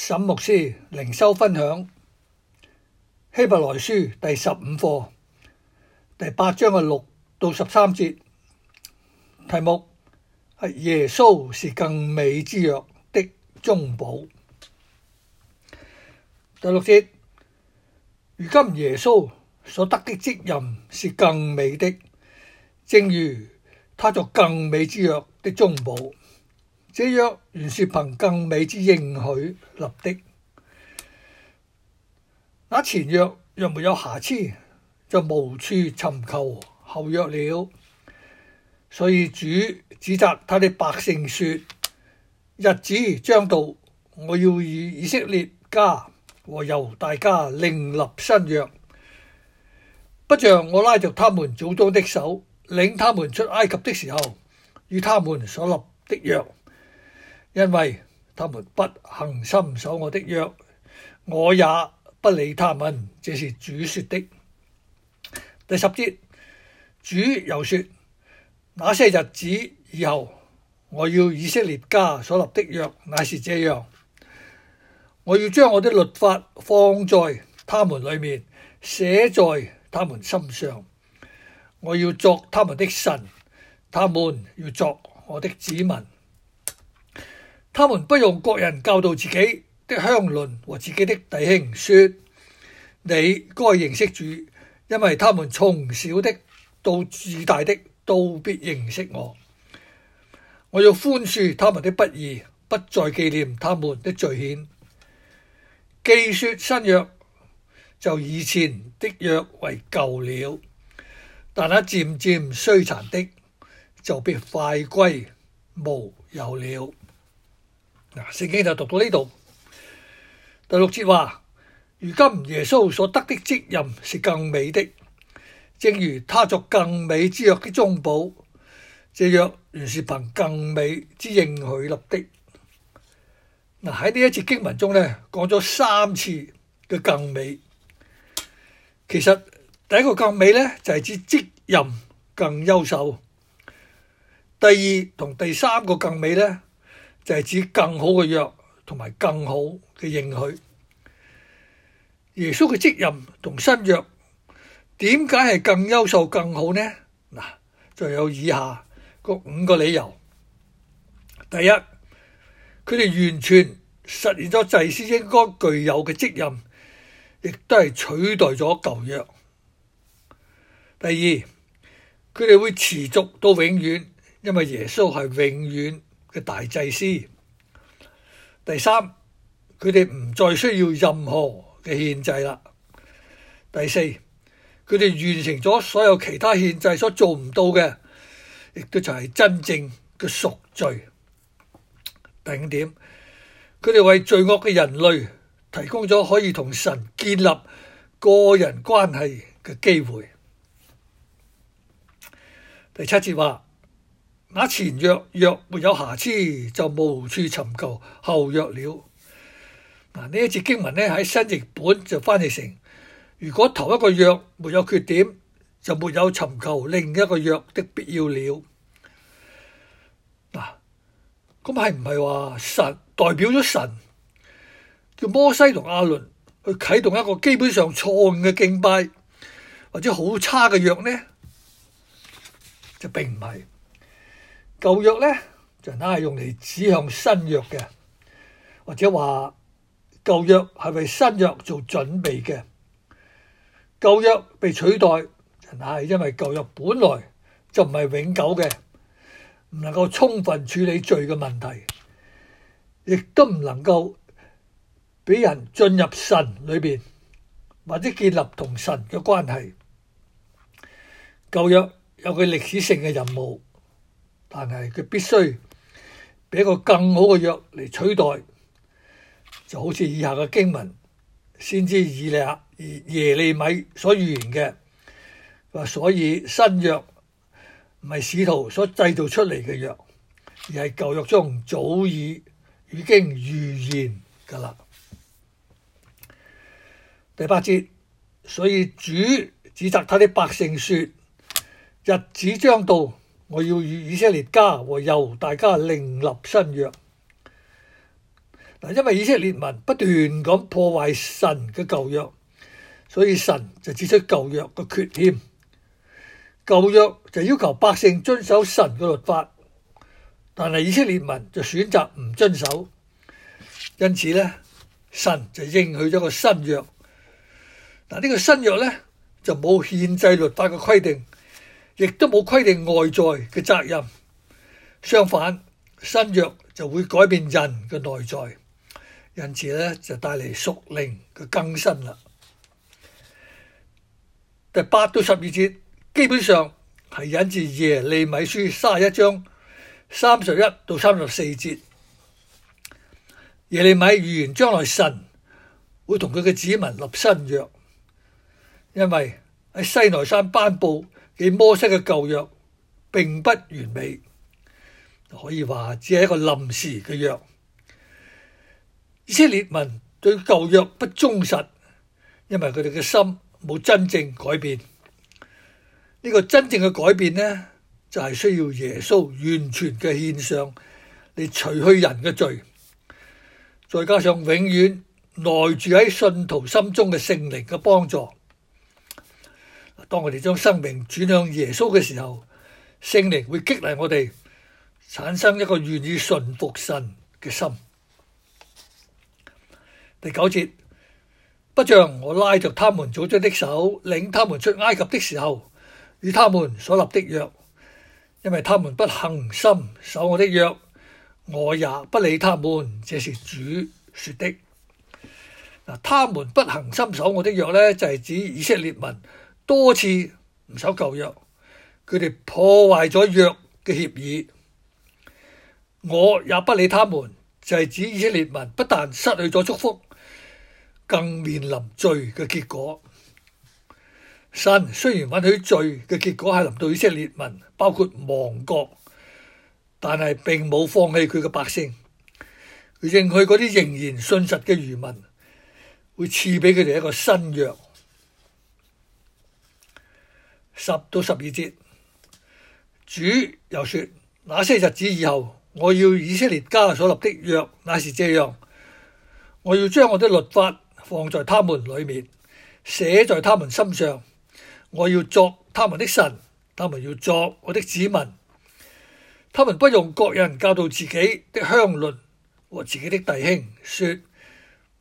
沈牧師靈修分享，希伯來書第十五課，第八章嘅六到十三節，題目係耶穌是更美之約的中保。第六節，如今耶穌所得的職任是更美的，正如他作更美之約的中保。這約原是憑更美之應許立的，那前約若沒有瑕疵，就無處尋求後約了。所以主指責他的百姓說：日子將到，我要與以，以色列家和猶大家另立新約，不像我拉着他們祖宗的手領他們出埃及的時候與他們所立的約。因為他們不恆心守我的約，我也不理他們。這是主說的。第十節，主又說：那些日子以後，我要以色列家所立的約乃是這樣，我要將我的律法放在他們裏面，寫在他們心上。我要作他們的神，他們要作我的子民。他們不用各人教導自己的鄉鄰和自己的弟兄，說你該認識主，因為他們從小的到自大的都必認識我。我要寬恕他們的不義，不再紀念他們的罪愆。既說新約，就以前的約為舊了。但那漸漸衰殘的，就必快歸無有了。聖經就讀到呢度，第六節話：如今耶穌所得的職任是更美的，正如他作更美之約的中保，這約原是憑更美之應許立的。嗱喺呢一節經文中咧，講咗三次嘅更美。其實第一個更美咧，就係指職任更優秀；第二同第三個更美咧。就係、是、指更好嘅約同埋更好嘅應許，耶穌嘅職任同新約點解係更優秀更好呢？嗱，就有以下個五個理由。第一，佢哋完全實現咗祭司應該具有嘅職任，亦都係取代咗舊約。第二，佢哋會持續到永遠，因為耶穌係永遠。嘅大祭司，第三，佢哋唔再需要任何嘅獻祭啦。第四，佢哋完成咗所有其他獻祭所做唔到嘅，亦都就係真正嘅贖罪。第五點，佢哋為罪惡嘅人類提供咗可以同神建立個人關係嘅機會。第七節話。那前約若，若沒有瑕疵，就無處尋求後約了。嗱，呢一節經文呢喺新譯本就翻譯成：如果頭一個約沒有缺點，就沒有尋求另一個約的必要了。嗱，咁係唔係話神代表咗神，叫摩西同亞倫去啟動一個基本上錯誤嘅敬拜，或者好差嘅約呢？就並唔係。舊約呢就係用嚟指向新約嘅，或者話舊約係為新約做準備嘅。舊約被取代，就係因為舊約本來就唔係永久嘅，唔能夠充分處理罪嘅問題，亦都唔能夠俾人進入神裡面，或者建立同神嘅關係。舊約有佢歷史性嘅任務。但係佢必須俾個更好嘅約嚟取代，就好似以下嘅經文先知以利亞而耶利米所預言嘅，所以新約唔係使徒所製造出嚟嘅約，而係舊約中早已已經預言㗎啦。第八節，所以主指責他啲百姓，說日子將到。我要與以色列家和猶大家另立新約。但因為以色列民不斷咁破壞神嘅舊約，所以神就指出舊約嘅缺欠。舊約就要求百姓遵守神嘅律法，但係以色列民就選擇唔遵守，因此呢，神就應許咗個新約。但呢個新約呢，就冇憲制律法嘅規定。亦都冇規定外在嘅責任，相反，新約就會改變人嘅內在，因此呢就帶嚟屬靈嘅更新啦。第八到十二節基本上係引自耶利米書三十一章三十一到三十四節，耶利米預言將來神會同佢嘅子民立新約，因為喺西奈山頒布，你摩西嘅舊約並不完美，可以話只係一個臨時嘅約。以色列民對舊約不忠實，因為佢哋嘅心冇真正改變。呢個真正嘅改變呢，就係需要耶穌完全嘅獻上，嚟除去人嘅罪，再加上永遠內住喺信徒心中嘅聖靈嘅幫助。當我哋將生命轉向耶穌嘅時候，聖靈會激勵我哋產生一個願意順服神嘅心。第九節，不像我拉着他們祖宗的手，領他們出埃及的時候與他們所立的約，因為他們不恒心守我的約，我也不理他們。這是主說的。嗱，他們不恒心守我的約呢，就係指以色列民。多次唔守舊約，佢哋破壞咗約嘅協議，我也不理他們。就係指以色列民不但失去咗祝福，更面臨罪嘅結果。神雖然允許罪嘅結果係臨到以色列民，包括亡國，但係並冇放棄佢嘅百姓，佢認佢嗰啲仍然信實嘅餘民，會賜俾佢哋一個新約。十到十二節，主又說：那些日子以後，我要以色列家所立的約，乃是這樣，我要將我的律法放在他們裏面，寫在他們心上。我要作他們的神，他們要作我的子民。他們不用各人教導自己的鄉鄰和自己的弟兄，說：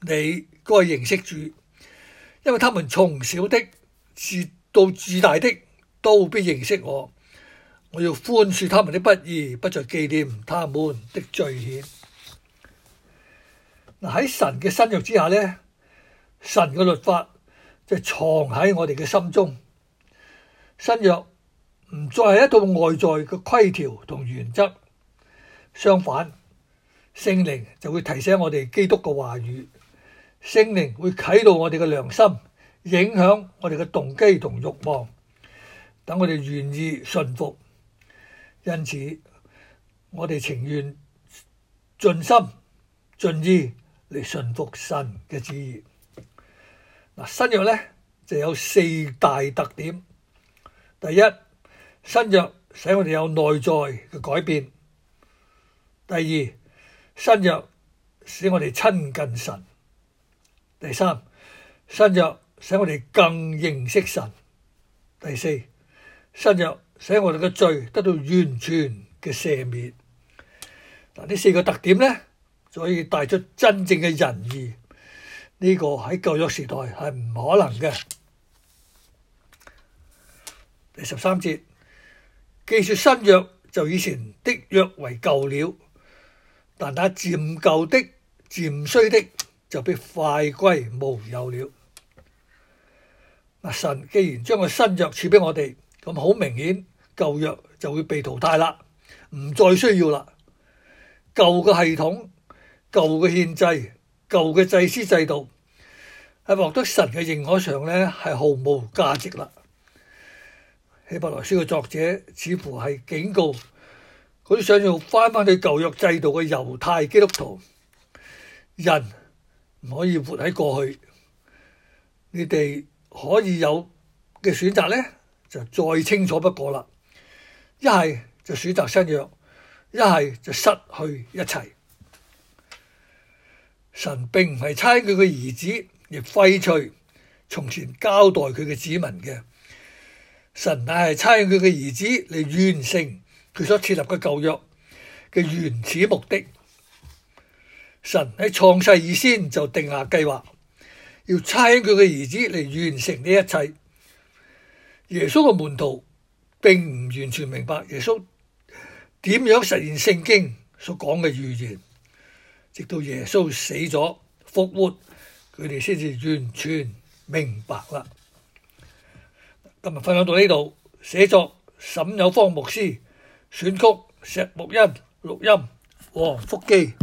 你該認識主，因為他們從小的至到自大的。都必認識我。我要寬恕他們的不義，不再紀念他們的罪愆。喺神嘅新約之下呢，神嘅律法就藏喺我哋嘅心中。新約唔再係一套外在嘅規條同原則，相反，聖靈就會提醒我哋基督嘅話語，聖靈會啟動我哋嘅良心，影響我哋嘅動機同欲望。等我哋願意順服，因此我哋情願盡心盡意嚟順服神嘅旨意。嗱，新約咧就有四大特點。第一，新約使我哋有內在嘅改變；第二，新約使我哋親近神；第三，新約使我哋更認識神；第四，新約使我哋嘅罪得到完全嘅赦免。嗱，呢四個特點呢，就可以帶出真正嘅仁義。呢個喺舊約時代係唔可能嘅。第十三節，既說新約就以前的約為舊了，但那漸舊的、漸衰的，就必快歸無有了。阿神既然將個新約賜俾我哋。咁好明顯，舊約就會被淘汰啦，唔再需要啦。舊嘅系統、舊嘅憲制、舊嘅祭司制度，喺獲得神嘅認可上咧，係毫無價值啦。希伯來書嘅作者似乎係警告嗰啲想要翻返去舊約制度嘅猶太基督徒，人唔可以活喺過去。你哋可以有嘅選擇咧，就再清楚不過啦，一係就選擇新約，一係就失去一切。神並唔係差佢嘅兒子，亦廢除從前交代佢嘅子民嘅。神乃係差佢嘅兒子嚟完成佢所設立嘅舊約嘅原始目的。神喺創世以先就定下計劃，要差佢嘅兒子嚟完成呢一切。耶穌嘅門徒並唔完全明白耶穌點樣實現聖經所講嘅預言，直到耶穌死咗復活，佢哋先至完全明白啦。今日分享到呢度，寫作沈有方牧師，選曲石木恩，錄音王福基。